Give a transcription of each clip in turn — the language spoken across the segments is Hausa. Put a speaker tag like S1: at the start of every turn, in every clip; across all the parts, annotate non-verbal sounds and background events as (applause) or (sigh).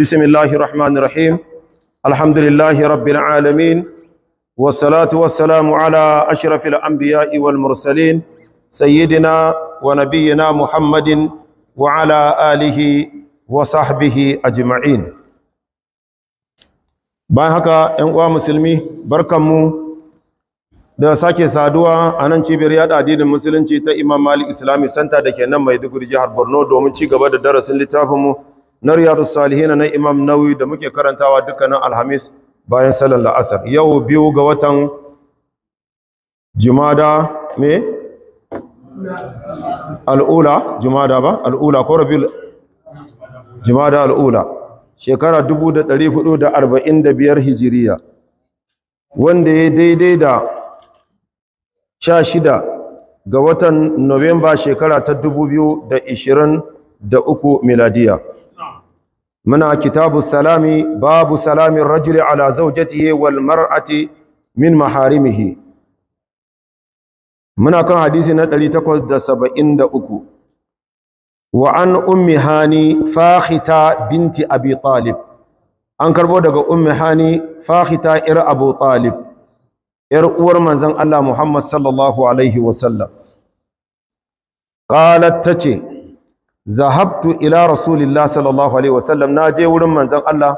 S1: بسم الله الرحمن الرحيم الحمد لله رب العالمين والصلاة والسلام على أشرف الأنبياء والمرسلين سيدنا ونبينا محمد وعلى آله وصحبه أجمعين bayan haka ‘yan uwa musulmi barkanmu da sake saduwa a nan cibiyar yada addinin musulunci ta imam malik islamic santa da ke nan maiduguri jihar borno domin ci gaba da darasin littafinmu na riyadus Salihina na imam nauyi da muke karantawa dukkanin alhamis bayan salon la'asar yau biyu ga watan jumada me al'ula jumada ba al'ula ko rabi jumada al'ula shekara 1445 hijiriya wanda ya daidai da 16 ga watan Novemba shekara ta 2023 miladiya muna kitabu salami babu salamin rajuli ala zaujatihi wal mar'ati min maharimihi muna kan hadisi na 873 wa an ummi hani fakhita binti abi talib an karbo daga ummi hani fakhita ir abu talib ‘yar uwar manzan Allah Muhammad sallallahu Alaihi ta ce, zahabtu ila rasulillah sallallahu alaihi wasallam na je wurin manzon Allah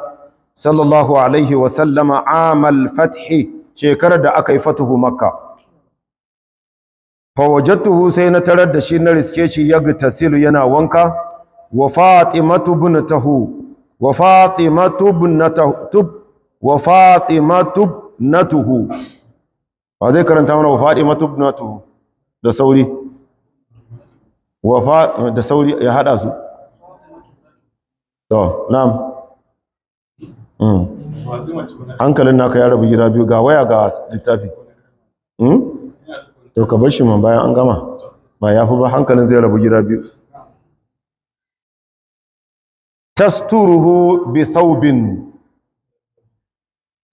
S1: sallallahu alaihi wasallama amal fathi shekarar da aka yi fatuhu makka fa wajadtuhu sai na tarar da shi na riske shi yagtasilu yana wanka wa fatimatu ibnatahu wa fatimatu ibnatahu wa fatimatu ibnatuhu ba zai karanta mana wa fatimatu ibnatuhu da sauri wafa da sauri ya hada su to na'am hmm. hankalin naka ya rabu gida biyu ga waya ga littafi hmm? to ka bar shi man bayan an gama ba ya fi ba hankalin zai rabu gida biyu tasturuhu bi thawbin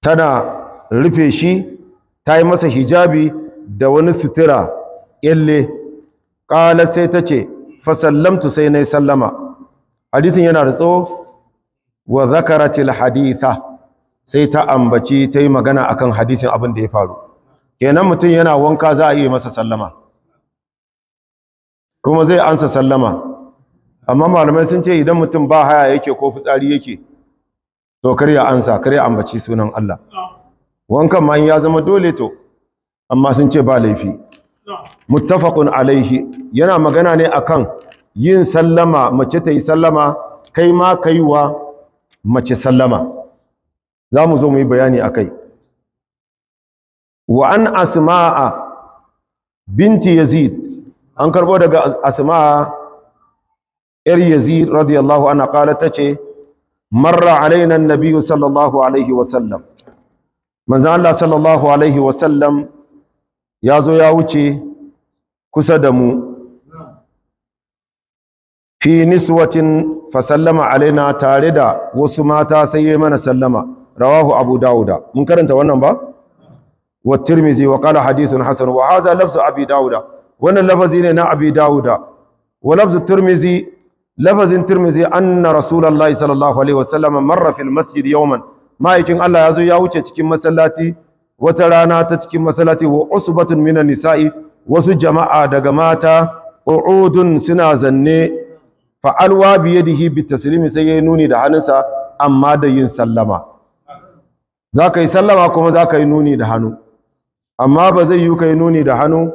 S1: tana rufe shi ta yi masa hijabi da wani sutura yalle ƙalar sai ta ce fasallamtu sai na yi sallama hadisin yana da tso wa zakaratil haditha sai ta ambaci ta yi magana a kan hadisin abin da ya faru kenan mutum yana wanka za a iya masa sallama kuma zai ansa sallama amma malamai sun ce idan mutum ba haya yake ko fitsari yake to karya ansa karya ambaci sunan Allah wankan ma ya zama dole to amma sun ce ba laifi muttafaqun alaihi yana magana ne akan yin sallama mace ta yi sallama kai ma kaiwa wa mace sallama za mu zo mu yi bayani a kai wa an asma'a binti yazid an karbo daga asma'a yar yazid radiyallahu anha qalat ce, marra alaina an sallallahu alaihi wa sallam Allah sallallahu alaihi wa sallam ya zo ya wuce kusa da mu fi niswatin fasallama alaina tare da wasu mata sai yi mana sallama rawahu abu dawuda mun karanta wannan ba wa tirmizi wa kala hadisun hasan wa haza lafsu abi dawuda wannan lafazi ne na abi dawuda wa lafzu tirmizi lafazin tirmizi anna rasulullahi sallallahu alaihi wasallama marra fil masjid yawman ma'aikin Allah ya zo ya wuce cikin masallaci wata rana ta cikin masalati wa usbatun minan nisa'i wasu jama'a daga mata qu'udun suna zanne fa alwa bi yadihi bi taslimi sai yi nuni da hannunsa amma da yin sallama zaka yi sallama kuma zaka yi nuni da hannu amma ba zai yi kai nuni da hannu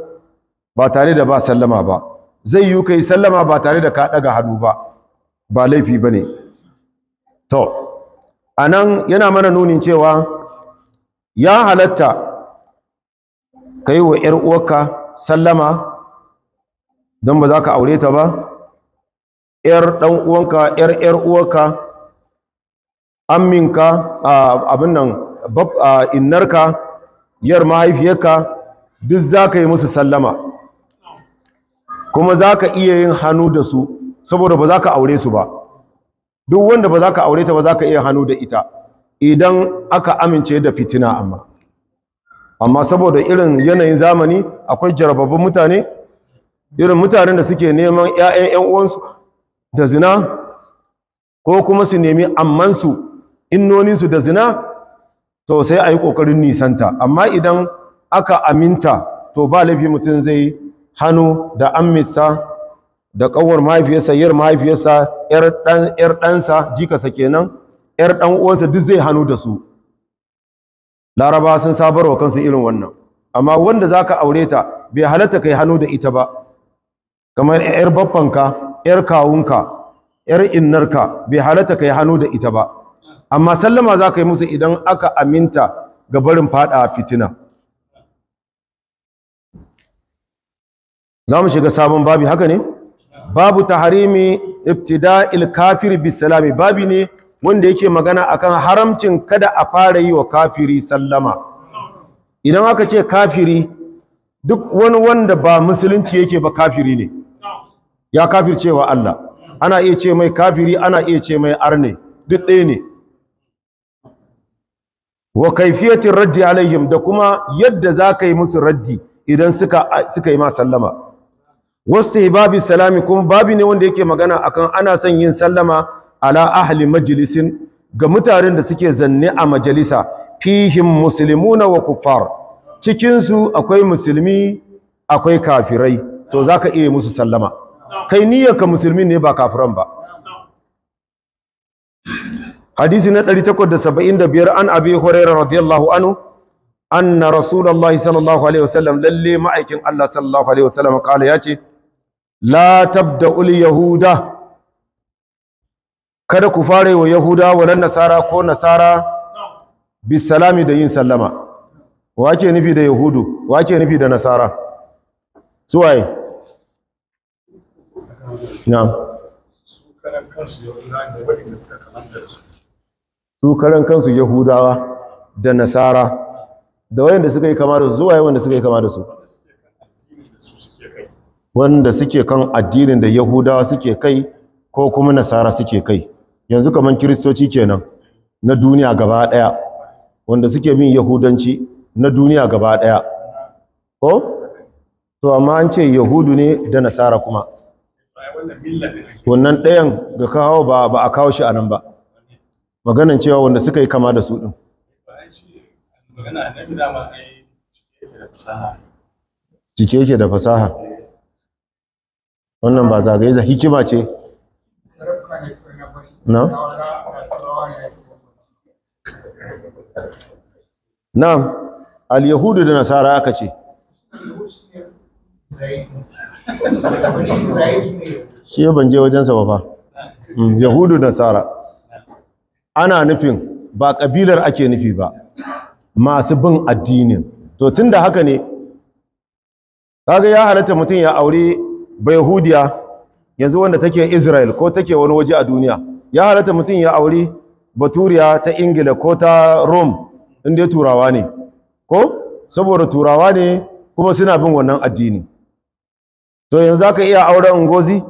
S1: ba tare da ba sallama ba zai yi kai sallama ba tare da ka daga hannu ba ba laifi bane to anan yana mana nunin cewa ya halatta ka yi wa ‘yar uwarka sallama don ba za ka aure ta ba ‘yar ɗan uwanka ‘yar ‘yar uwarka amminka abin nan innarka yar mahaifiyarka duk za ka yi musu sallama kuma za ka iya yin hannu da su saboda ba za ka aure su ba duk wanda ba za ka aure ta ba za ka iya hannu da ita idan aka amince da fitina amma amma saboda irin yanayin zamani akwai jarababbun mutane irin mutanen da suke neman 'ya'yan 'yan uwansu da zina ko kuma su nemi innonin innoninsu da zina to sai ayi yi ƙoƙarin nisanta amma idan aka aminta to ba laifi mutum zai hannu da ammitsa da ƙawar mahaifiyarsa yar mahaifiyarsa yar ɗansa jikasa kenan yar ɗan’uwansa uwansa duk zai hannu da su laraba sun sabarwa kansu irin wannan amma wanda zaka aure ta bai halatta kai hannu da ita ba kamar yar baffanka yar kawunka yar innarka bai halatta kai hannu da ita ba amma sallama za ka yi musu idan aka aminta ga barin fada fitina za mu shiga sabon babi haka ne babu ta Harimi, ibtida'il kafir bisalami babi ne wanda yake magana akan haramcin kada a fara yi wa kafiri sallama idan aka ce kafiri duk wani wanda ba musulunci yake ba kafiri ne ya kafir cewa Allah ana iya ce mai kafiri ana iya ce mai arne duk ɗaya ne wa kaifiyatin raddi alaihim da kuma yadda za ka yi musu raddi idan suka yi ma sallama wasu babi salami kuma babi ne wanda yake magana akan ana son yin sallama ala ahli majalisin ga mutanen da suke zanne a majalisa fihim muslimuna wa kuffar cikinsu akwai musulmi akwai kafirai to zaka iya musu sallama kai ka musulmi ne ba kafiran ba hadisi na 875 an abi hurairah radiyallahu anhu anna rasulullahi sallallahu alaihi wasallam lalle ma'aikin Allah sallallahu alaihi wasallam kala yace la tabda'ul yahuda kada ku fara wa yahuda nan nasara ko nasara bisalami da yin sallama wa ke nufi da yahudu wa ke nufi da nasara su waye na su karan kansu yahudawa da nasara da wayanda suka yi kama da su zuwa wanda suka yi kama da su wanda suke kan addinin da yahudawa suke kai ko kuma nasara suke kai yanzu kamar kiristoci kenan na duniya gaba daya wanda suke bin yahudanci na duniya gaba daya ko to amma an ce yahudu ne da nasara kuma wannan ɗayan ga kawo ba a kawo shi a nan ba Maganin cewa wanda suka yi kama da su ɗin cike yake da fasaha wannan ba zagaye za hikima ce na'am na'am al-yahudu da nasara aka ce shi ban je wajensa ba fa mm, yahudu da nasara ana nufin ba kabilar ake nufi ba masu bin addinin to tunda haka ne kaga ya halatta mutum ya aure bayahudiya yanzu wanda take Israel ko take wani waje a duniya ya halatta mutum ya auri baturiya ta ingila ko ta rome inda turawa ne ko saboda turawa ne kuma suna bin wannan addini to yanzu za ka iya auren ngozi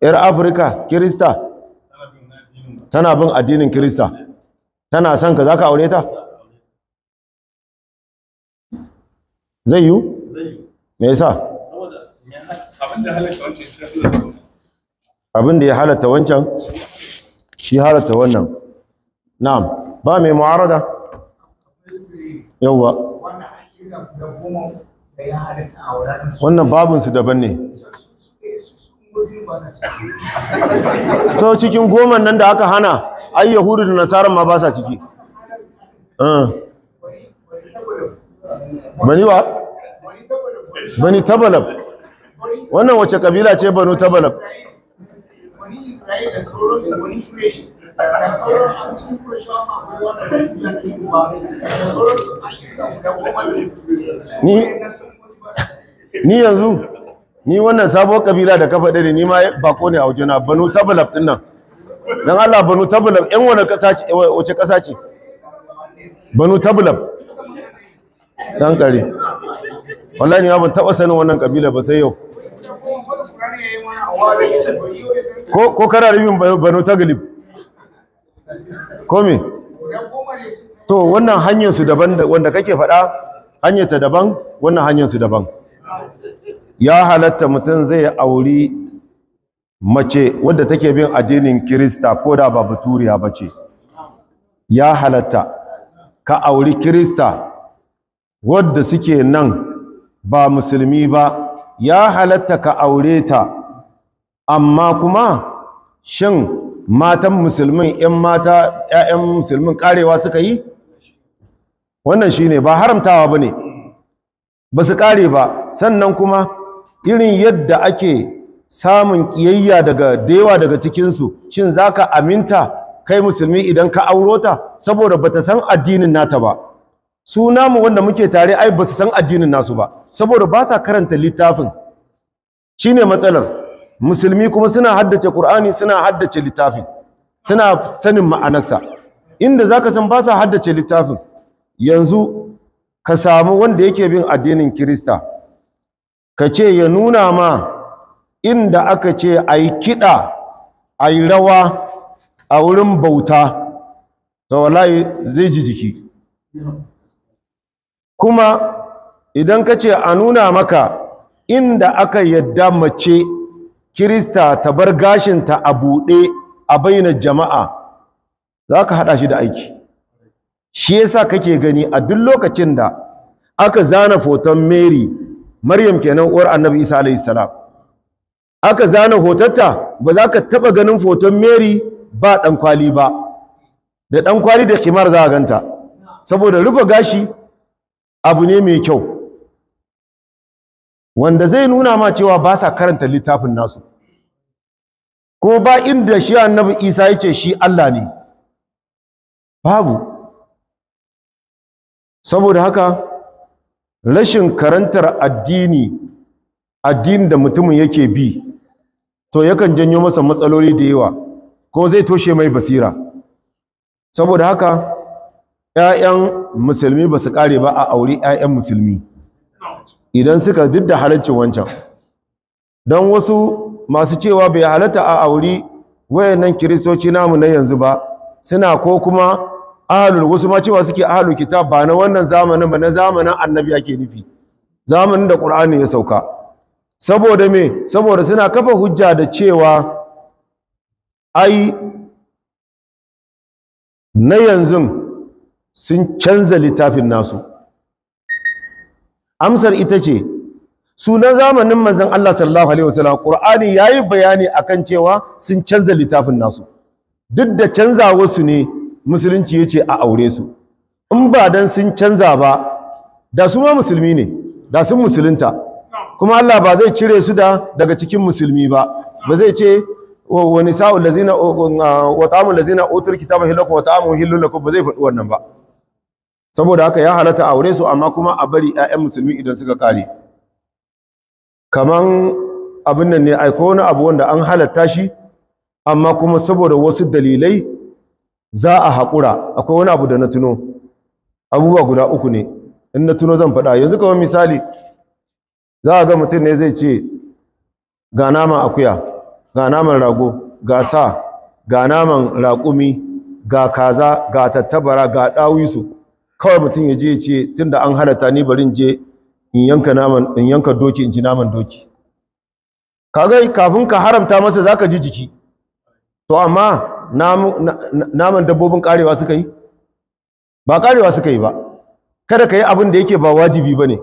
S1: yar afirka kirista tana bin addinin kirista tana son ka za ka aure ta zai yiwu? zai me yasa? abin da ya halatta wancan shi halatta wannan na'am ba mai mu'arada yawa wannan babinsu daban ne to cikin goman nan da aka hana ai yahudu da nasarar ma ba sa ciki eh. bani wa bani tabalab wannan wace kabila ce banu tabalab da ni yanzu ni wannan sabuwar kabila da kafa dare ni ma bako ne a wajena banu tabalab din nan dan Allah banu tabalab Ƴan wani kasa ce wace kasa ce banu tabalab dan kare wallahi ni ma ban taba sanin wannan kabila ba sai yau ko kara rubin bano ta galib ko me to wannan hanyar su daban wanda kake faɗa hanyar ta daban wannan hanyar su daban ya halatta mutum zai auri mace wadda take bin addinin kirista ko da ba baturiya ba ce ya halatta ka auri kirista wadda suke nan ba musulmi ba ya halatta ka aure ta amma kuma shin matan musulmin ‘yan mata ‘ya'yan musulmin karewa suka yi wannan shi ne ba haramtawa ba ne ba su kare ba sannan kuma irin yadda ake samun ƙiyayya daga dewa daga cikinsu shin za ka aminta kai musulmi idan ka auro ta saboda ba ta san addinin nata ba su namu wanda muke tare ai ba su san addinin nasu ba saboda ba sa karanta littafin shi ne matsalar musulmi kuma suna haddace qur'ani suna haddace littafin suna sanin ma'anarsa inda zaka san ba sa haddace littafin yanzu ka samu wanda yake bin addinin kirista ka ce ya nuna ma inda aka ce a yi kiɗa a yi rawa a wurin bauta to wallahi zai ji jiki kuma idan ka ce a nuna maka inda aka yadda mace kirista ta bar gashinta a buɗe a bainar jama'a za ka haɗa shi da aiki shi yasa kake gani a duk lokacin da aka zana foton mary maryam kenan uwar annabi isa alayhi aka zana hotonta ba za ka taɓa ganin foton mary ba ɗankwali ba da ɗankwali da kimar za a ganta saboda rufe gashi abu ne mai kyau wanda zai nuna ma cewa ba sa karanta littafin nasu ko ba inda shi annabi isa ya ce shi allah ne babu saboda haka rashin karantar addini addini da mutumin yake bi to yakan janyo masa matsaloli da yawa ko zai toshe mai basira saboda haka 'ya'yan musulmi ba su kare ba a aure 'ya'yan musulmi idan suka duk da halarci wancan don wasu masu cewa bai halatta a auri wayannan kiristoci namu na yanzu ba suna ko kuma ahalul wasu ma cewa suke ahalul kitab ba na wannan zamanin ba na zamanin annabi ake nufi zamanin da ƙur'ani ya sauka saboda me saboda suna kafa hujja da cewa ai na yanzu sun canza littafin nasu amsar ita ce sunan zamanin manzon Allah sallallahu alaihi wasallam Qur'ani yayi bayani akan cewa sun canza littafin nasu duk da canza wasu ne musulunci ce a aure su in ba dan sun canza ba da su ma musulmi ne da sun musulunta kuma Allah ba zai cire su da daga cikin musulmi ba ba zai ce wa nisa'ul lazina wa ta'amul lazina utul kitaba hilakum wa ta'amu hilakum ba zai faɗi wannan ba saboda haka ya halatta aure su amma kuma a bari 'ya'yan musulmi idan suka kare kaman abin nan ne aiko wani abu wanda an halatta shi amma kuma saboda wasu dalilai za a haƙura akwai wani abu da na tuno abubuwa guda uku ne in na tuno zan faɗa yanzu kamar misali za a ga mutum ne zai ce ga naman akuya ga naman rago ga sa ga naman raƙumi ga kaza ga tattabara ga ɗawisu kawai mutum ya je ya ce tunda an ta ni bari in je in yanka doki in ji naman doki kagai kafin ka haramta masa za ka ji jiki to amma naman dabbobin karewa suka yi ba karewa suka yi ba kada ka yi abin da yake ba wajibi ba ne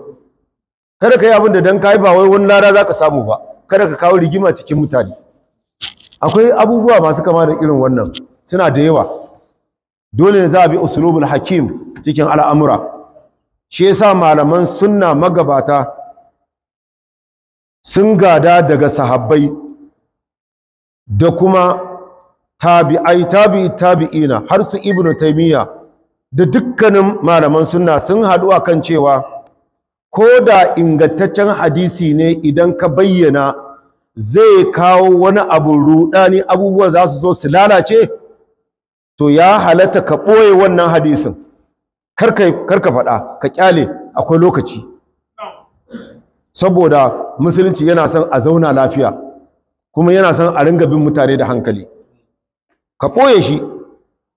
S1: kada ka yi abin da don ka yi ba wai wani lada za ka samu ba kada ka kawo rigima cikin mutane akwai abubuwa masu kama da irin wannan suna da yawa dole ne za a bi usulubul hakim cikin al'amura shi yasa malaman suna magabata sun gada daga sahabbai da kuma tabi'ai tabi'i tabi'ina har su ibnu taimiyya. da dukkanin malaman suna sun haɗu kan cewa ko da ingantaccen hadisi ne idan ka bayyana zai kawo wani abu ruɗani abubuwa za su zo su lalace to ya halatta ka ɓoye wannan hadisin kar ka faɗa ka ƙyale akwai lokaci saboda musulunci yana son a zauna lafiya kuma yana son a ringa bin mutane da hankali ka ɓoye shi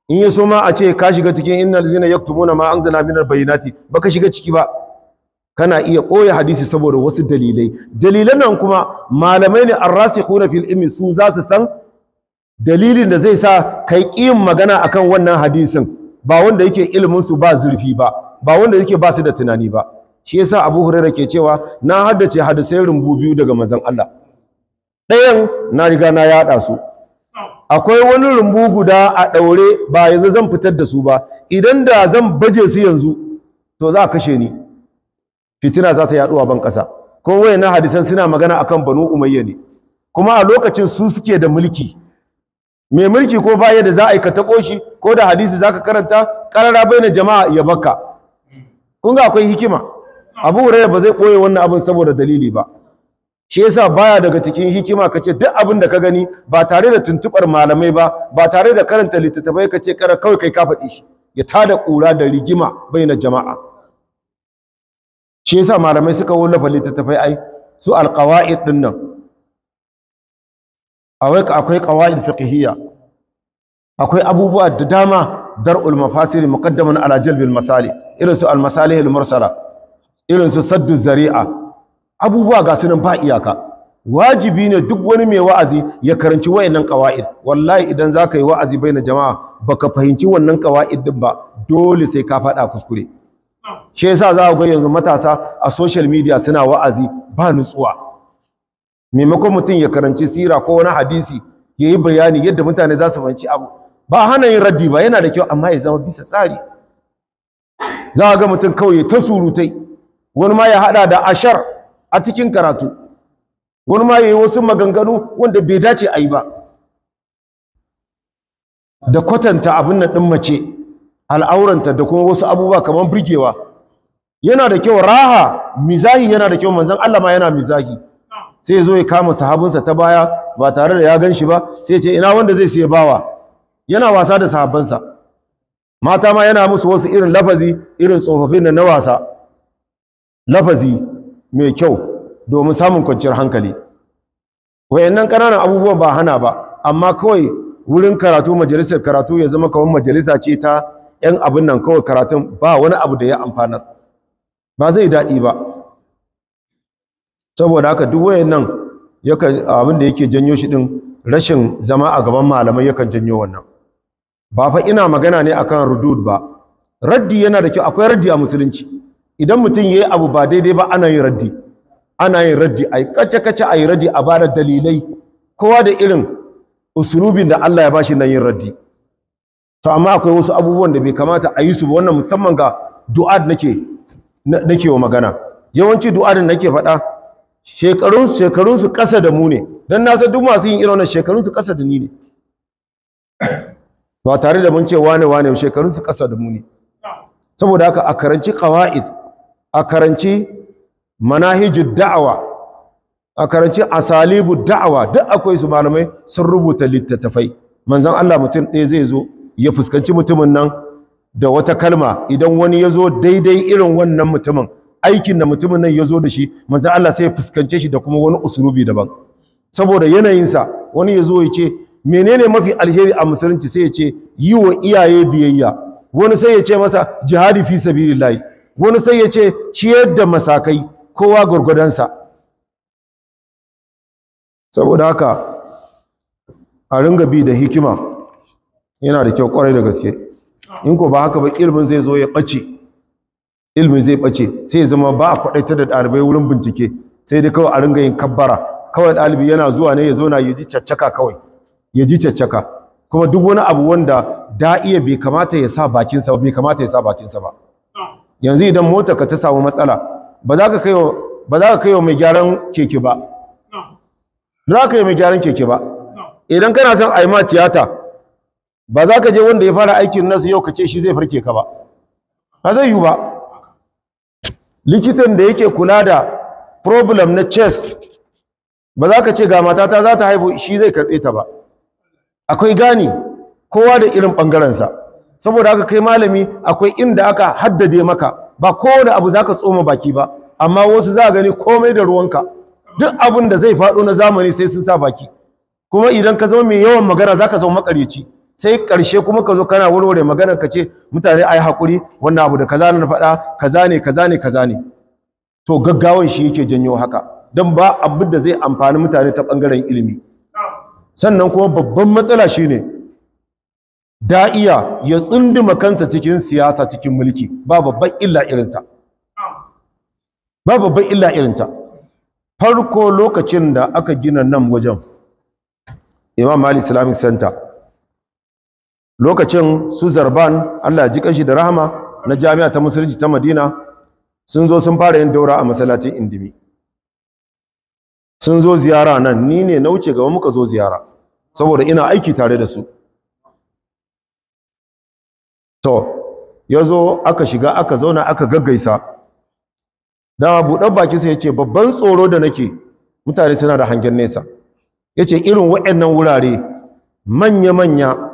S1: in ya so ma a ce ka shiga cikin inna zina ya tumuna ma an zina minar bayinati, ba ka shiga ciki ba kana iya ɓoye hadisi saboda wasu dalilai dalilan nan kuma malamai ne an rasi fil ilmi su za su san dalilin da zai sa kai ƙiyin magana akan wannan hadisin ba wanda yake ilimin su ba zurfi ba ba wanda yake ba su da tunani ba shi yasa Abu Hurairah ke cewa na haddace hadisai rumbu biyu daga manzon Allah ɗayan na riga na yaɗa su akwai wani rumbu guda a ɗaure ba yanzu zan fitar da su ba idan da zan baje su yanzu to za a kashe ni fitina za ta yaduwa ban ƙasa ko wayannan hadisan suna magana akan Banu Umayya ne kuma a lokacin su suke da mulki mai mulki ko baya da za a yi taɓo shi ko da hadisi za ka karanta karara bai na jama'a ya baka kun ga akwai hikima abu rai, ba zai ɓoye wannan abin saboda dalili ba shi yasa baya daga cikin hikima ka ce duk abin da ka gani ba tare da tuntuɓar malamai ba ba tare da karanta littattafai ka ce kara kawai kai ka faɗi shi ya tada ƙura da rigima bai na jama'a shi yasa malamai suka wallafa littattafai ai su alƙawa'id ɗin nan akwai qawaid fiqhiyya akwai abubuwa da dama dar'ul mafasiri muqaddaman ala jalbil masali irin su al masalih irin su saddu zari'a abubuwa ga sunan ba iyaka wajibi ne duk wani mai wa'azi ya karanci wayannan qawaid wallahi idan zaka yi wa'azi baina jama'a baka fahimci wannan qawaid din ba dole sai ka fada kuskure shi yasa za ga yanzu matasa a social media suna wa'azi ba nutsuwa maimakon mutum ya karanci sira ko wani hadisi ya yi bayani yadda mutane za su fahimci abu ba hana yin raddi ba yana da kyau amma ya zama bisa tsari za a ga mutum kawai ta surutai wani ma ya haɗa da ashar a cikin karatu wani ma ya yi wasu maganganu wanda bai dace a yi ba da kwatanta abin na ɗin mace al'auranta da kuma wasu abubuwa kamar burgewa. yana da kyau raha mizahi yana da kyau manzan Allah ma yana mizahi sai zo ya kama sahabinsa ta baya ba tare da ya gan shi ba sai ce ina wanda zai siya bawa yana wasa da sahabinsa. mata ma yana musu wasu irin lafazi irin tsofaffin da na wasa lafazi mai kyau domin samun kwanciyar hankali wayannan ƙananan abubuwan ba hana ba amma kawai wurin karatu majalisar karatu ya zama kawai majalisa ce ta 'yan abin nan kawai karatun ba wani abu da ya amfanar ba zai daɗi ba saboda haka duk wayannan abinda abin yake janyo shi din rashin zama a gaban malamai yakan janyo wannan ba fa ina magana ne akan rudud ba raddi yana da kyau akwai raddi a musulunci idan mutum yayi abu ba daidai ba ana yin raddi ana yin raddi ai kace a yi raddi a bada dalilai kowa da irin usulubin da Allah ya bashi na yin raddi to amma akwai wasu abubuwan da bai kamata a yi su ba wannan musamman ga du'a nake nake wa magana yawanci du'a da nake faɗa shekarunsu su kasa da mu ne don na san duk masu yin irin wannan shekarunsu kasa da ni ne ba tare da mun ce wane wane shekarunsu kasa da mu ne saboda haka a karanci kawa'id a karanci manahijin da'awa a karanci asalibu da'awa duk akwai su malamai sun rubuta littattafai manzan Allah mutum ɗaya zai zo ya fuskanci mutumin nan da wata kalma idan wani ya zo daidai irin wannan mutumin aikin da mutumin nan ya zo da shi manzan Allah sai ya fuskance shi da kuma wani usulubi daban saboda yanayinsa wani ya zo ya ce menene mafi alheri a musulunci sai ya ce yi wa iyaye biyayya wani sai ya ce masa jihadi fi layi. wani sai ya ce ciyar da masakai kowa gwargwadonsa. saboda haka a ringa bi da hikima yana da kyau kwarai da gaske in ko ba haka ba ilimin zai zo ya ɓace ilmi zai bace sai ya zama ba a kwadaita da ɗalibai wurin bincike sai dai kawai a ringa yin kabbara kawai ɗalibi yana zuwa ne ya zauna ya ji caccaka kawai ya ji caccaka kuma duk wani abu wanda da iya bai kamata ya sa bakinsa bai kamata ya sa bakinsa ba yanzu idan mota ka ta samu matsala ba za ka kai ba za ka kai wa mai gyaran keke ba ba za ka kai mai gyaran keke ba idan kana son a ma tiyata ba za ka je wanda ya fara aikin nasu yau ka ce shi zai farke ka ba ba zai yi ba likitan da yake kula da problem na chest ba za ka ce ga matata za ta haihu shi zai karɓe ta ba akwai gani kowa da irin bangarensa saboda aka kai malami akwai inda aka haddade maka ba kowane abu za ka tsoma baki ba amma wasu za gani komai da ruwanka duk abin da zai faɗo na zamani sai sun sa baki kuma idan ka zama mai yawan magana za ka zama makaryaci sai ƙarshe kuma ka zo kana warware maganar ka ce mutane ai hakuri wannan abu da kaza na faɗa kaza ne kaza ne kaza ne to gaggawan shi yake janyo haka dan ba abin da zai amfani mutane ta bangaren ilimi sannan kuma babban matsala shine da'iya ya tsunduma kansa cikin siyasa cikin mulki ba babban illa irinta ba babban illa irinta farko lokacin da aka gina nan wajen imam ali islamic center lokacin su zarban Allah ji kanshi da rahama na jami'a ta musulunci ta madina sun zo sun fara yin daura a masalatin indimi sun zo ziyara nan ni ne na wuce gaba muka zo ziyara saboda ina aiki tare da su to ya zo aka shiga aka zauna aka gaggaisa dama buɗar baki sai ya ce babban tsoro da nake mutane suna da hangen nesa ya ce irin waɗannan wurare manya-manya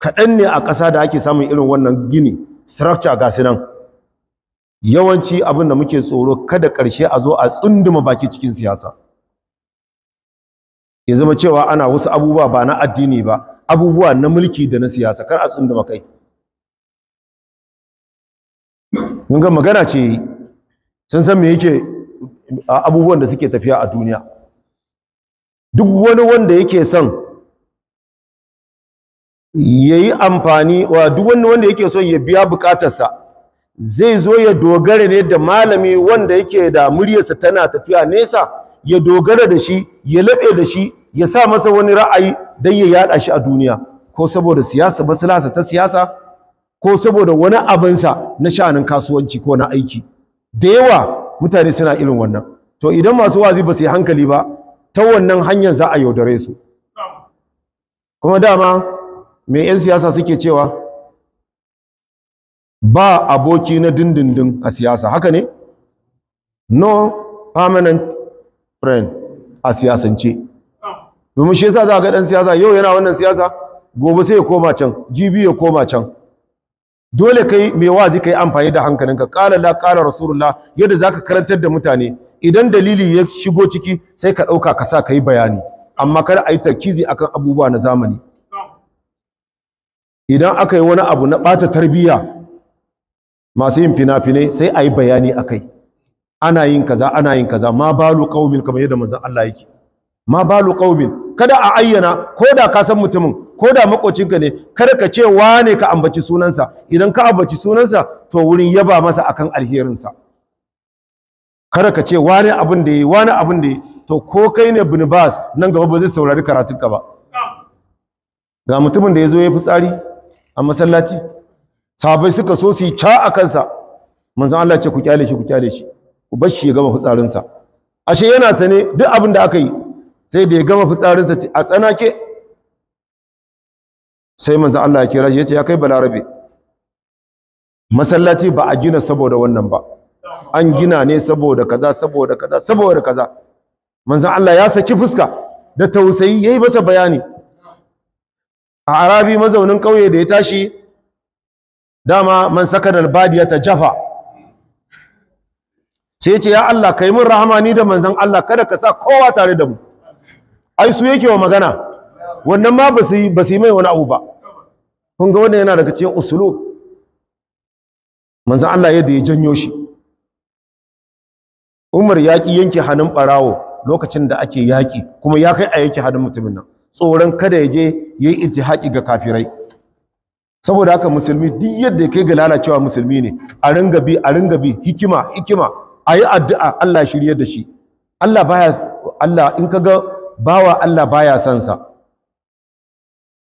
S1: kaɗan ne a ƙasa da ake samun irin wannan gini structure ga sinan. yawanci abin da muke tsoro kada ƙarshe a zo a tsunduma baki cikin siyasa ya zama cewa ana wasu abubuwa ba na addini ba abubuwa na mulki da na siyasa kar a tsunduma kai mun ga magana ce sun san me yake abubuwan da suke tafiya a duniya duk wani wanda yake son yayi amfani wa duk wani wanda yake so ya biya bukatarsa zai zo ya dogara ne da malami wanda yake da muryarsa tana tafiya nesa ya dogara da shi ya laɓe da shi ya sa masa wani ra'ayi don ya yaɗa shi a duniya ko saboda siyasa masalasa ta siyasa ko saboda wani abinsa na sha'anin kasuwanci ko na aiki da yawa mutane suna irin wannan to idan masu wazi ba su yi hankali ba ta wannan hanyar za a yaudare su kuma dama mai 'yan siyasa suke cewa ba aboki na dindindin a siyasa haka ne no permanent friend a siyasance domin shi yasa za ga dan siyasa yau yana wannan siyasa gobe sai ya koma can jibi ya koma can dole kai mai wazi kai amfani da hankalinka kala la kala rasulullah yadda za ka karantar da mutane idan dalili ya shigo ciki sai ka dauka ka sa kai bayani amma kada a yi tarkizi akan abubuwa na zamani idan aka yi wani abu na ɓata tarbiyya masu yin fina-finai sai a yi bayani a kai ana yin kaza ana yin kaza ma balu ƙaumin kamar yadda manzan Allah yake ma balu ƙaumin kada a ayyana ko da ka san mutumin ko da makocinka ne kada ka ce wane ka ambaci sunansa idan ka ambaci sunansa to wurin yaba masa akan alherinsa kada ka ce wane abin da yi wane abin da yi to ko kai ne bin bas nan gaba ba zai saurari karatunka ba ga mutumin da ya zo ya fi tsari a masallaci sabai suka so su yi ca a kansa manzan Allah ce ku kyale shi ku kyale shi ku bar shi ya gama fitsarinsa ashe yana sane duk abin da aka yi sai da ya gama fitsarinsa a tsanake sai manzan Allah ya kira shi ya ce ya kai balarabe masallaci ba a gina saboda wannan ba an gina ne saboda kaza saboda kaza saboda kaza manzan Allah ya saki fuska da tausayi yayi masa bayani a arabi mazaunin ƙauye da ya tashi dama man sakanar ya ta jafa sai ce ya Allah ka yi mun rahama ni da manzan Allah kada ka sa kowa tare da mu ai su yake wa magana wannan ma ba su yi mai wani abu ba kun ga wannan yana daga cikin usulu manzan Allah yadda ya janyo shi Umar ya yanke hannun barawo lokacin da ake yaƙi kuma ya kai a yanke hannun mutumin nan tsoron kada ya je yayi iltihaki ga kafirai saboda haka musulmi duk yadda ya kai ga lalacewa musulmi ne a ringa bi a ringa bi hikima hikima ayi addu'a Allah shiryar da shi Allah baya Allah in kaga bawa Allah baya son sa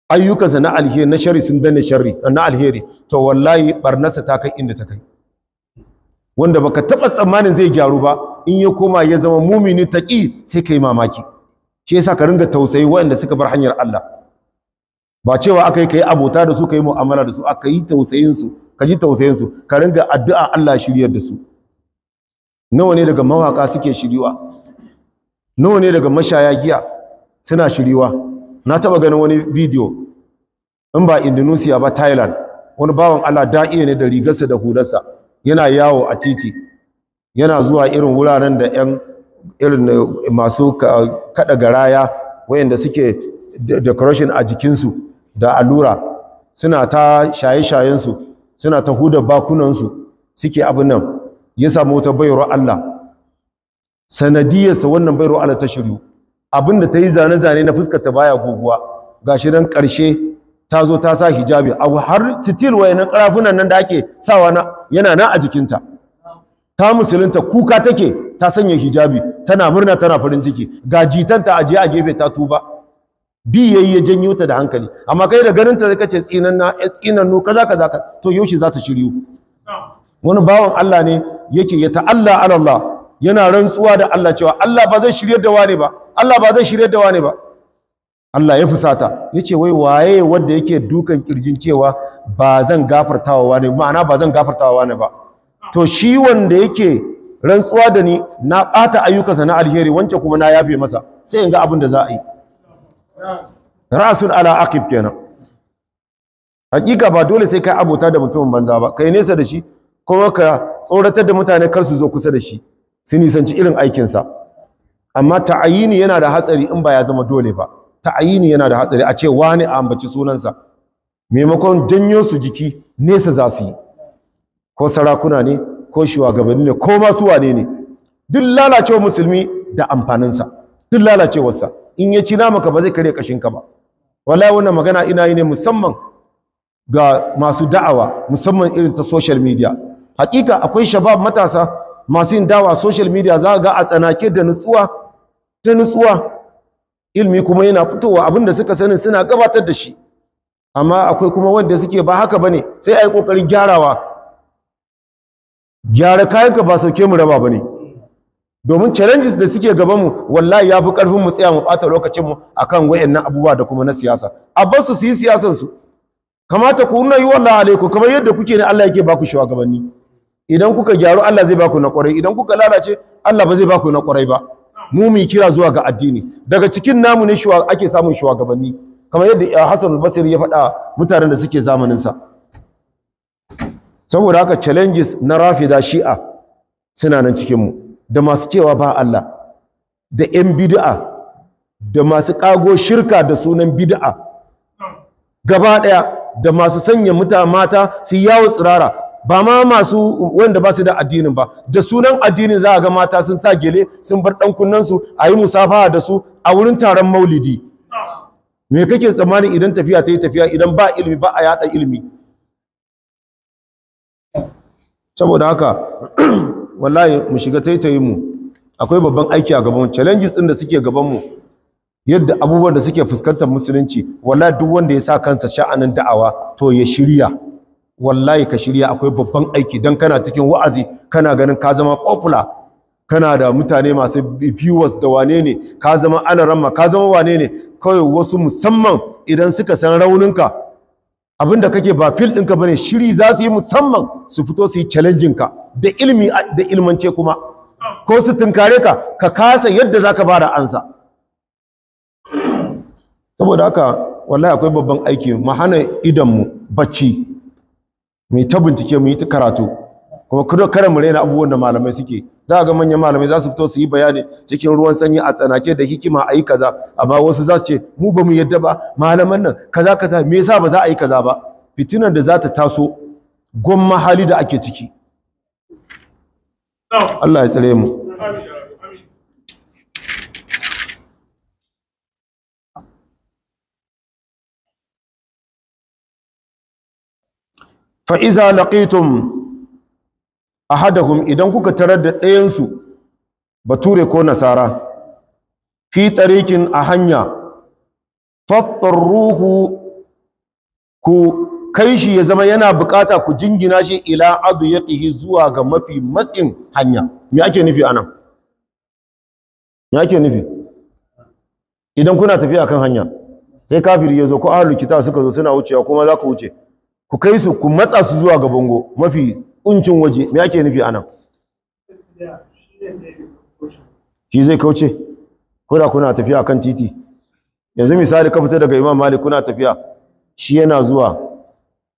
S1: ayyukansa na alheri na shari sun danne shari na alheri to wallahi barnarsa ta kai inda ta kai wanda baka taɓa tsammanin zai gyaru ba in ya koma ya zama mumini taqi sai ka yi mamaki shi yasa ka ringa tausayi waɗanda suka bar hanyar Allah ba cewa aka yi ka yi abota da su ka yi mu'amala da su aka yi tausayinsu ka ji tausayinsu ka ringa addu'a Allah shiryar da su nawa ne daga mawaka suke shiriwa nawa ne daga mashaya giya suna shiriwa na taba ganin wani bidiyo in ba indonesia ba thailand wani bawan Allah da'iya ne da rigarsa da hularsa yana yawo a titi yana zuwa irin wuraren da 'yan irin masu kada garaya wayanda suke decoration a jikinsu da allura suna ta shaye-shayensu suna ta huda bakunansu suke abin nan ya samu wata bayarwar Allah sanadiyarsa wannan bayarwar Allah ta shiryu abinda ta yi zane-zane na ta baya goguwa gashi nan ƙarshe ta zo ta sa hijabi a har sitil wayannan ƙarafunan nan da ake sawa yana nan a jikinta ta musulunta kuka take ta sanya hijabi tana murna tana farin ciki ga jitanta a je a gefe ta tuba bi yayi ya janyo ta da hankali amma kai da ganin ta zaka kace tsinan na eh, tsinan no kaza kaza to yoshi za ta shiryu wani bawan Allah ne yake ya ta'alla ala Allah yana rantsuwa da Allah cewa Allah ba zai shiryar da wani ba Allah ba zai shiryar da wani ba Allah ya fusata yace wai waye wanda yake dukan kirjin cewa ba zan gafartawa wani ma'ana ba zan gafartawa wani ba to shi wanda yake rantsuwa da ni na ɓata ayyukansa na alheri wancan kuma na yafe masa sai in ga abin da za a yi rasul ala aqib kenan hakika ba dole sai kai abota da mutumin banza ba kai nesa da shi kuma ka tsoratar da mutane kar su zo kusa da shi su nisanci irin aikinsa amma ta'ayini yana da hatsari in ba ya zama dole ba ta'ayini yana da hatsari a ce wani a ambaci sunansa maimakon janyo su jiki nesa za su yi ko sarakuna ne ko shugabanni ne ko masu wane ne duk lalacewa musulmi da amfaninsa duk lalacewarsa in ya ci namaka ba zai kare ka ba wallahi wannan magana ina yi ne musamman ga masu da'awa musamman irin ta social media hakika akwai shabab matasa masu yin dawa social media za ga a tsanake da nutsuwa ta nutsuwa ilmi kuma yana fitowa abinda suka sani suna gabatar da shi amma akwai kuma wanda suke ba haka bane sai a yi ƙoƙarin gyarawa gyara kayanka ba sauke mu raba ba ne domin challenges da suke gaban mu wallahi ya fi mu tsaya mu bata lokacin mu akan wayannan abubuwa da kuma na siyasa a su yi yi siyasansu kamata ku nuna yi wallahi alaikum kamar yadda kuke ne Allah yake ba ku shugabanni idan kuka gyaru Allah zai ba ku na ƙwarai idan kuka lalace Allah ba zai ba ku na ƙwarai ba mu mu kira zuwa ga addini daga cikin namu ne ake samun shugabanni kamar yadda eh, Hassan al-Basri ya faɗa mutanen da suke zamanin sa saboda haka challenges na rafida shi'a suna nan cikinmu da masu cewa ba Allah da 'yan bid'a da masu ƙago shirka da sunan bid'a gaba ɗaya da masu sanya muta mata su yawo tsirara ba ma masu wanda ba su da addinin ba da sunan addinin za a ga mata sun sa gele sun bar ɗan a yi musafaha da su a wurin taron maulidi me kake tsammani idan tafiya ta yi tafiya idan ba ilimi ba a yaɗa ilimi saboda haka (clears throat) wallahi mu shiga taitayin mu akwai babban aiki a gaban challenges din da suke gaban mu yadda abubuwan da suke fuskantar musulunci wallahi duk wanda ya sa kansa sha'anin da'awa to ya shirya wallahi ka shirya akwai babban aiki dan kana cikin wa'azi kana ganin ka zama popular kana da mutane masu viewers da wane ne ka zama alaramma ka zama wane ne kawai wasu musamman idan suka san rauninka da kake ba fil ɗinka bane shiri za su yi musamman su fito su yi challenging ka da ilmi da ilmance kuma ko su tunkare ka ka kasa yadda za ka bada ansa saboda haka wallahi akwai babban aiki mu hana idanmu bacci mai ta bincike mu yi ta karatu kuma kudo kada mu raina abubuwan da malamai suke za ga manyan malamai za su fito su yi bayani cikin ruwan sanyi a tsanake da hikima a yi kaza amma wasu za su ce mu ba mu yadda ba malaman nan kaza kaza me yasa ba za a yi kaza ba fitinar da za ta taso gwamma hali da ake ciki Allah ya tsare mu Faiza iza ahadahum idan kuka tarar da ɗayansu bature ko nasara fi tarikin a hanya ruhu ku kai shi ya zama yana bukata ku jingina shi ila adu ya zuwa ga mafi matsin hanya me ake nufi a nan me ake nufi idan kuna tafiya kan hanya sai kafiri ya zo ko ahalukita suka zo suna wucewa kuma za ku wuce ku kai su ku matsa su zuwa ga bango mafi Ƙuncin waje mai ake nufi anan shi zai kauce kuna kuna tafiya kan titi yanzu misali ka fita daga imam malik kuna tafiya shi yana zuwa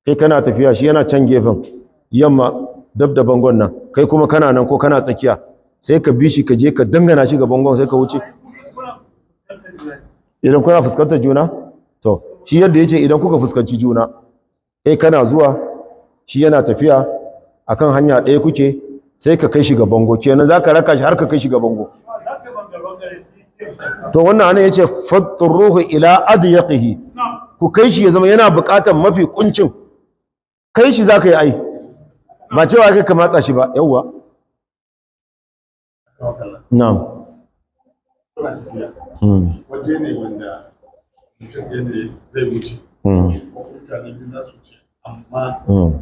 S1: kai kana tafiya shi yana can gefen yamma dab da bangon nan kai kuma kana nan ko kana tsakiya sai ka bi shi ka je ka dangana shi ga bangon sai ka wuce idan kuna fuskantar juna to shi yadda ya ce idan kuka fuskanci juna kai kana zuwa shi yana tafiya akan hanya ɗaya kuke sai ka kai shi ga bango kenan za ka raka shi har ka kai shi ga bango to wannan hannun ya ce ruhu ila adiyakihi ku kai shi ya zama yana buƙatar mafi kuncin kai shi za ka yi ai ba cewa kai ka matsa shi ba yauwa na'am waje ne wanda mutum zai wuce mutane biyu su amma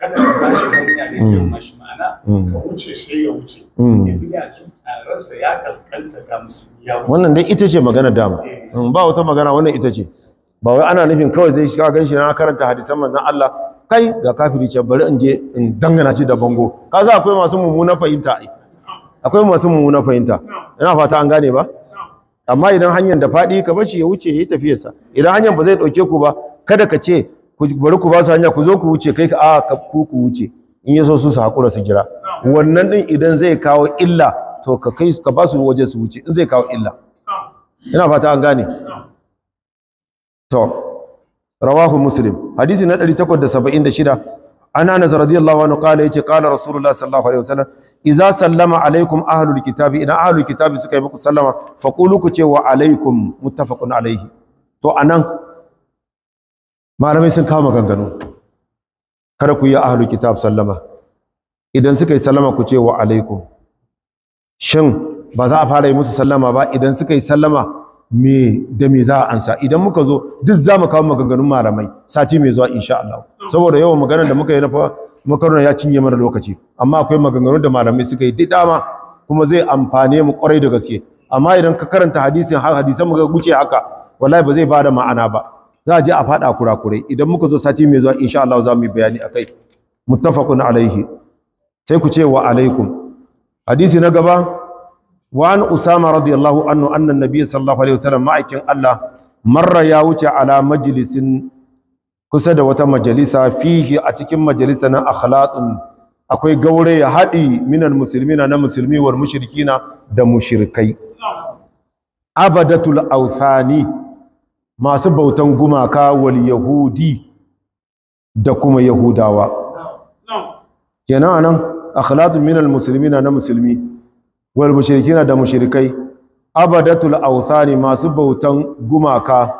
S1: kada ka ba shi hanya da mm. girma shi ma'ana ka mm. wuce sai ya wuce mm. ya ya cuta ransa ya kaskanta ga musulmi wannan dai ita ce magana dama eh. ba wata magana wannan ita ce ba wai ana nufin kawai zai shiga ganshi na karanta hadisan manzon Allah kai ga kafiri ce bari in je in dangana shi da bango ka za akwai masu mummunan fahimta akwai masu mummunan fahimta ina fata an gane ba amma idan hanyar da faɗi ka bar shi ya wuce ya yi tafiyarsa idan hanyar ba zai ɗauke ku ba kada ka ce bari ku ba su hanya ku zo ku wuce kai ka a ku ku wuce in yaso su su hakura su jira wannan din idan zai kawo illa to ka kai ka ba su waje su wuce in zai kawo illa ina fata an gane to rawahu muslim hadisi na 876 ana anas radiyallahu anhu qala yace qala rasulullah sallallahu alaihi wasallam idza sallama alaikum ahlul kitabi ina ahlul kitabi suka yi muku sallama faqulu ku ce wa alaikum muttafaqun alaihi to anan malamai sun kama maganganu kada ku yi ahlul kitab sallama idan suka yi sallama ku ce wa alaikum shin ba za a fara yi musu sallama ba idan suka yi sallama me da me za a ansa idan muka zo duk za mu kawo maganganun malamai sati mai zuwa insha Allah saboda yawan maganar da muka yi na makaruna ya cinye mana lokaci amma akwai maganganun da malamai suka yi dama kuma zai amfane mu kwarai da gaske amma idan ka karanta hadisin har hadisan muka guce haka wallahi ba zai bada ma'ana ba za a je a fada kurakurai idan muka zo sati mai zuwa insha Allah za mu yi bayani akai muttafaqun alaihi sai ku ce wa alaikum hadisi na gaba wa an usama radiyallahu anhu annan nabiy sallallahu alaihi wasallam ma'aikin Allah marra ya wuce ala majlisin kusa da wata majalisa fihi a cikin majalisa na akhlaqun akwai gaure ya haɗi minan musulmina na muslimi war mushrikina da mushrikai abadatul authani masu bautan gumaka wal yahudi da kuma yahudawa kenan anan akhlatun minal muslimina na musulmi wal mushrikina da mushrikai abadatul authani masu bautan gumaka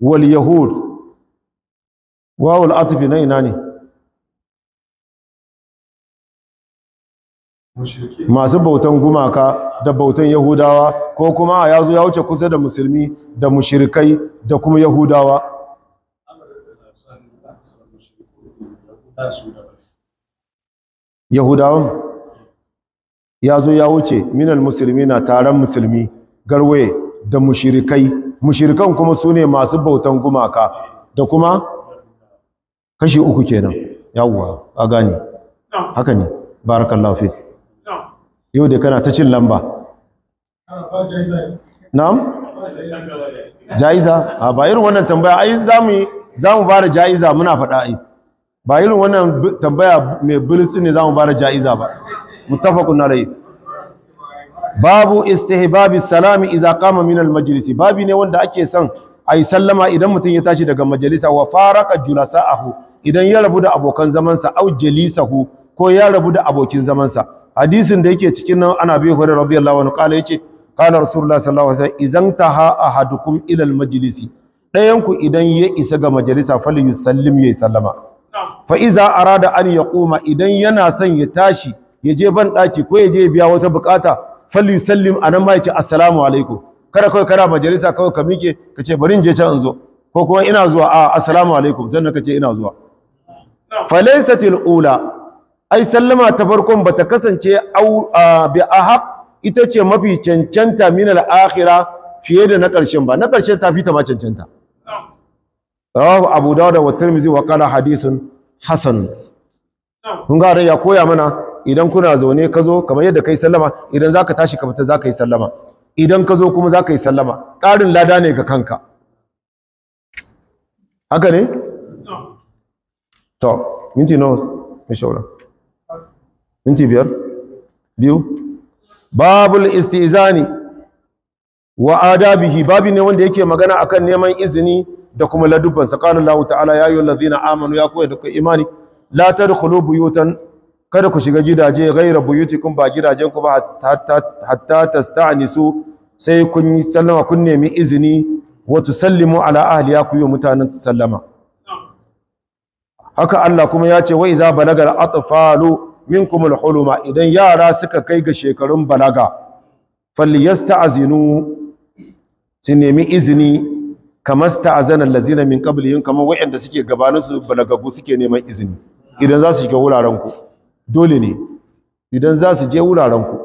S1: wal yahud wawul atfi na ina ne masu bautan gumaka da bautan yahudawa ko kuma ya zo ya wuce kusa da musulmi da mushirikai da kuma yahudawa yahudawan ya zo ya wuce minal musulmi na taron musulmi garwaye da mushirikai mushirikan kuma su ne masu bautan gumaka da kuma kashi uku kenan yawwa a gane haka ne barakallahu fi yau da kana ta cin lamba na'am
S2: ja'iza a ba irin
S1: wannan tambaya ai zamu zamu da ja'iza muna faɗa ai ba irin wannan tambaya mai bulutsi ne zamu da ja'iza ba muttafaqun alayhi babu istihbabi salami idza qama min al-majlis babi ne wanda ake son ai sallama idan mutum ya tashi daga majalisa wa faraka julasa'ahu idan ya rabu da abokan zamansa au jalisahu ko ya rabu da abokin zamansa hadisin da yake cikin nan ana bi hore radiyallahu anhu kala yake kana rasulullahi sallallahu alaihi wasallam idan taha ahadukum ila almajlisi dayan ku idan ya isa ga majalisa fali yusallim ya sallama fa iza arada an yaquma idan yana son ya tashi ya je ban daki ko ya je biya wata bukata fali yusallim anan ma yace assalamu alaikum kada kai kana majalisa kawai ka mike ka ce bari in je can in zo ko kuma ina zuwa a assalamu alaikum sannan ka ce ina zuwa falaysatil ula ai sallama ta farkon bata kasance bi ahab ita ce mafi cancanta min al-akhira fiye da na ƙarshen ba na ƙarshen ta fi ta ma cancanta rawahu abu dawud wa tirmidhi wa qala hadithun hasan kun ga ya koya mana idan kuna zaune ka zo kamar yadda kai sallama idan zaka tashi ka fita zaka yi sallama idan ka zo kuma zaka yi sallama ƙarin lada ne ga kanka haka ne to minti nawa insha Allah minti biyar biyu babul istizani wa adabihi babi ne wanda yake magana akan neman izini da kuma ladubban sakanin lahu ta'ala ya yi lazina amanu ya koya duka imani la ta dukulu buyutan kada ku shiga gidaje gaira kun ba gidajen ku ba hatta ta sai kun yi sallama kun nemi izini wata tusallimu ala ahliya ku yi mutanen sallama haka Allah kuma ya ce wa iza balagal atfalu Min kuma huluma idan yara suka kai ga shekarun balaga azinu su nemi izini kamar sta'zana lazina min yin kamar wayanda suke gabanin su balagagu suke neman izini idan za su shiga wurarenku, dole ne idan za su je wurarenku,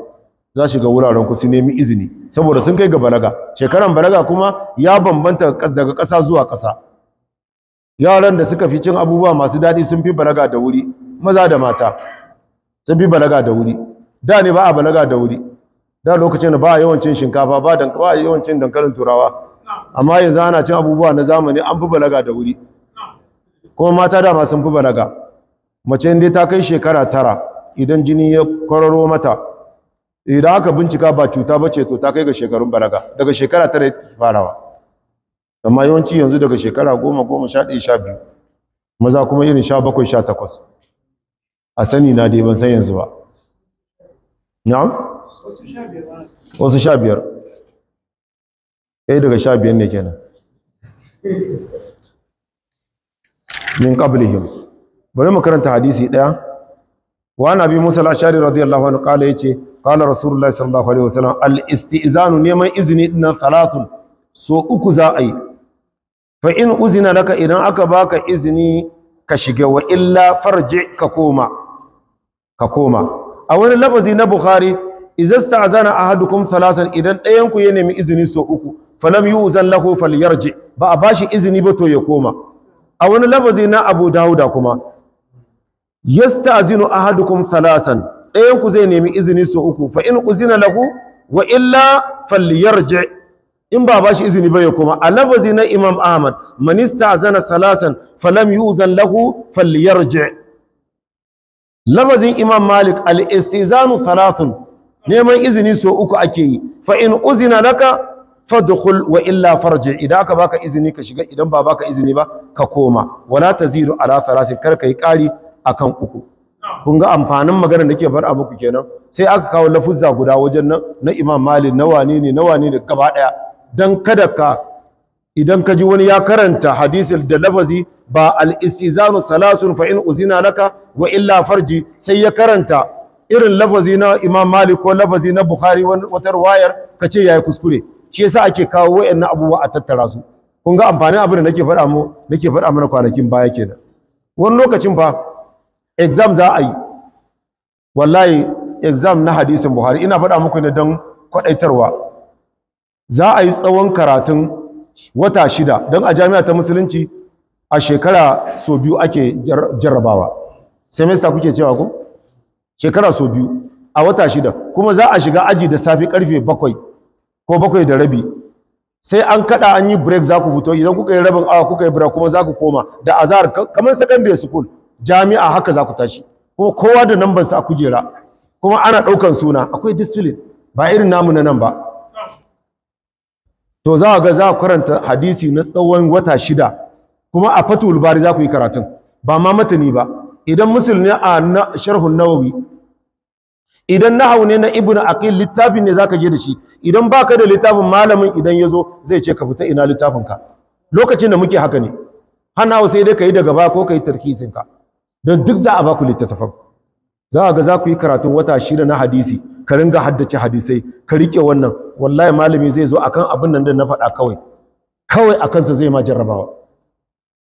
S1: za shiga wurarenku su nemi izini saboda sun kai ga balaga shekaran balaga kuma ya bambanta daga ƙasa zuwa ƙasa yaran da suka fi cin abubuwa masu daɗi sun fi balaga da wuri maza da mata sun fi balaga da wuri da ne ba a balaga da wuri da lokacin da ba a yawancin shinkafa ba a yawancin dankalin turawa amma yanzu ana cin abubuwa na zamani an fi balaga da wuri kuma mata dama sun fi balaga mace inda ta kai shekara tara idan jini ya kwararo mata idan aka bincika ba cuta ba ce to ta kai ga shekarun balaga daga shekara tara ya farawa amma yawanci yanzu daga shekara goma goma sha ɗaya sha biyu maza kuma irin sha bakwai sha takwas a sani na dai ban san yanzu ba na'am wasu sha biyar ɗaya eh, daga sha biyar ne kenan min qablihim bari mu karanta hadisi ɗaya wa nabi musa al-ashari radiyallahu anhu qala yace qala rasulullah sallallahu alaihi wasallam al-istizanu neman izini na salatun so uku za a yi fa in uzina laka idan aka baka izini ka shiga wa illa farji ka koma ka koma a wani lafazi na bukhari idza sta'zana ahadukum thalasan idan ɗayan ku ya nemi izini so uku falam yuzan lahu je. ba a bashi izini ba to ya koma a wani lafazi na abu dawuda kuma yasta'zinu ahadukum thalasan ɗayan ku zai nemi izini so uku fa in uzina lahu wa illa je. in ba bashi izini ba ya koma a lafazi na imam ahmad man ista'zana salasan falam yuzan lahu je. lafazin imam malik al’istizanu zanu neman izini so uku ake yi fa in uzina laka fadukul wa illa farje. idan aka baka izini ka shiga idan ba baka izini ba ka koma wala ziru ala thalasin kar yi kari a kan uku kun ga amfanin maganar da ke bar a muku kenan sai aka kawo lafuzza guda wajen nan na imam malik na wane ne na wane ne gaba daya dan kada ka idan ka ji wani ya karanta hadisin da lafazi ba al-istizanu salasun fa in uzina laka wa illa farji sai ya karanta irin lafazi na Imam Malik ko lafazi na Bukhari wata ce kace yayi kuskure shi yasa ake kawo wayannan abubuwa a tattara su kun ga amfanin abin da nake faɗa mu nake faɗa mana kwanakin baya ke da. wani lokacin fa exam za a yi wallahi exam na hadisin Buhari ina faɗa muku ne don kwadaitarwa za a yi tsawon karatun wata shida don a jami'a ta musulunci a shekara so biyu ake jarrabawa semester kuke cewa ko shekara so biyu a wata shida kuma za a shiga aji da safi karfe bakwai ko bakwai da rabi sai an kada an yi break za ku fito idan kuka yi rabin awa kuka yi break kuma za ku koma da azar kamar secondary school jami'a haka za ku tashi kuma kowa da namban a kujera kuma ana ɗaukan suna akwai discipline ba irin namu na nan ba to za ga za a karanta hadisi na tsawon wata shida kuma a fatul bari za ku yi karatun ba ma matani ba idan musulmi a na sharhun nawawi idan na ne na ibnu aqil littafin ne za ka je da shi idan ba ka da littafin malamin idan ya zo, zai ce ka fita ina littafin ka lokacin da muke haka ne Hana hanawa sai dai yi daga ba ko ka yi tarkisinka. don duk za a ba ku littattafan za a ga za ku yi karatun wata shida na hadisi ka ringa haddace hadisai ka rike wannan wallahi malami zai zo akan abin nan da na faɗa kawai kawai akansa zai ma jarrabawa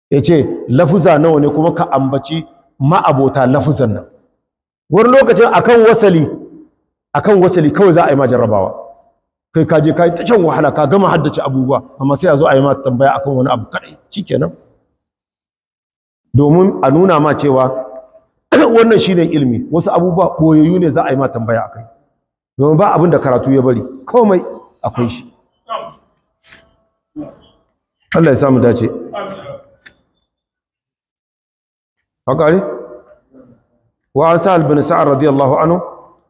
S1: ya ce lafuza nawa ne kuma ka ambaci ma'abota lafuzan nan wani lokacin akan wasali akan wasali kawai za a yi ma jarrabawa kai kaje ka yi ta shan wahala ka gama haddace abubuwa amma sai a zo a yi ma tambaya akan wani abu kaɗai shikenan domin a nuna ma cewa (clears throat) wannan shine ilimi wasu abubuwa boyayyu ne za a yi ma tambaya akai domin ba abin da karatu ya bari komai akwai shi Allah ya samu dace haka wa an sa'al bin sa'ad radiyallahu anhu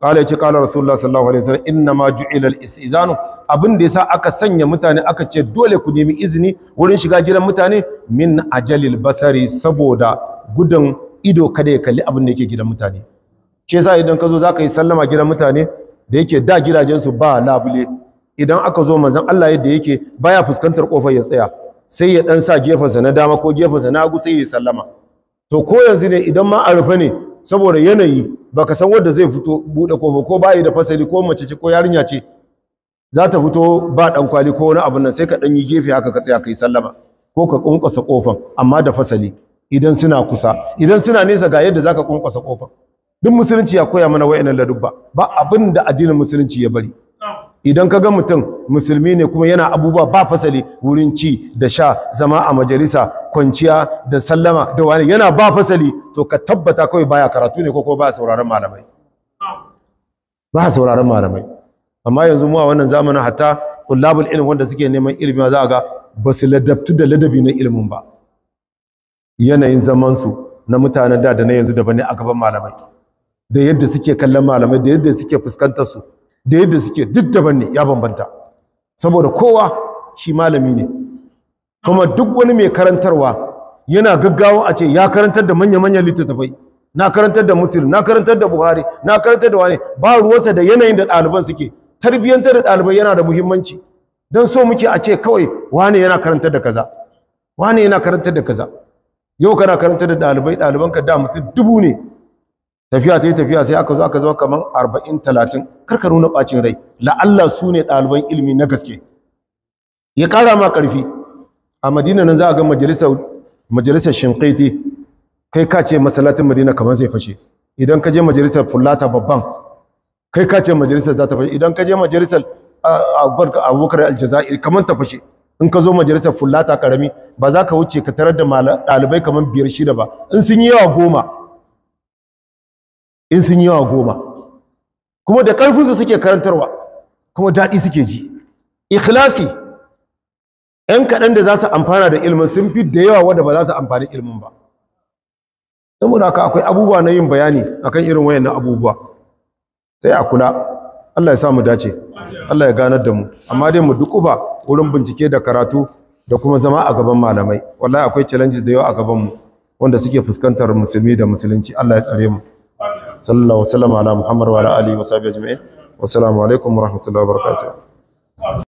S1: qala yace qala rasulullah sallallahu alaihi wasallam inna ma ju'ila al-istizanu abin da yasa aka sanya mutane aka ce dole ku nemi izini wurin shiga gidan mutane min ajalil basari saboda gudun ido kada ya kalli abin da yake gidan mutane ke sa idan ka zo zaka yi sallama gidan mutane da yake da gidajen su ba labule idan aka zo manzon Allah yadda yake baya fuskantar kofar ya tsaya sai ya dan sa gefarsa na dama ko gefarsa na hagu sai ya sallama to ko yanzu ne idan ma a rufe ne saboda yanayi baka san wanda zai fito bude kofa ko bayi da fasali ko mace ce ko yarinya ce za ta fito ba dan kwali ko wani abu nan sai ka dan yi gefe haka ka tsaya kai sallama ko ka kunkusa kofan amma da fasali idan suna kusa idan suna nesa ga yadda zaka kunkusa kofan duk musulunci ya koya mana wayannan ladubba ba abin da addinin musulunci ya bari idan ka ga mutum musulmi ne kuma yana abubuwa ba fasali wurin ci da sha zama a majalisa kwanciya da sallama da wani yana ba fasali to ka tabbata kawai baya karatu ne ko kuma ba sauraron malamai ba sauraron malamai amma yanzu mu a wannan zamanin hatta kullabul ilm wanda suke neman ilimi za ga ba su ladabtu da ladabi na ilimin ba yanayin zaman su na mutanen da da na yanzu da ne a gaban malamai da yadda suke kallon malamai da yadda suke fuskantar su da yadda suke duk daban ne ya bambanta saboda kowa shi malami ne kuma duk wani mai karantarwa yana gaggawa a ce ya karantar da manya-manyan littattafai na karantar da musulun na karantar da buhari na karantar da wane ba ruwansa da yanayin da ɗaliban suke tarbiyyantar da ɗaliban yana da muhimmanci don so muke a ce kawai wane yana karantar da kaza wane yana karantar da kaza yau kana karantar da ɗalibai ka da mutum dubu ne tafiya ta yi tafiya sai aka zo aka zama kamar arba'in talatin karka nuna ɓacin rai la'alla su ne ɗaliban ilimi na gaske ya ƙara ma ƙarfi a madina nan za a ga majalisar shinkaiti kai ka ce masalatin madina kamar zai fashe idan ka je majalisar fulata babban kai ka ce majalisar za ta fashe idan ka je majalisar abubakar aljazair kamar ta fashe in ka zo majalisar fulata karami ba za ka wuce ka tarar da ɗalibai kamar biyar shida ba in sun yi yawa goma in sun yi yawa goma kuma da ƙarfinsu suke karantarwa kuma daɗi suke ji ikhlasi ‘yan kaɗan da za su amfana da ilmin sun fi da yawa wadda ba za su amfani ilmin ba saboda haka akwai abubuwa na yin bayani akan irin wayan abubuwa sai a kula Allah ya samu dace Allah ya ganar da mu amma dai mu duk uba wurin bincike da karatu da kuma zama a gaban malamai wallahi akwai challenges da yawa a gaban mu wanda suke fuskantar musulmi da musulunci Allah ya tsare mu صلى الله وسلم على محمد وعلى آله وصحبه أجمعين والسلام عليكم ورحمة الله وبركاته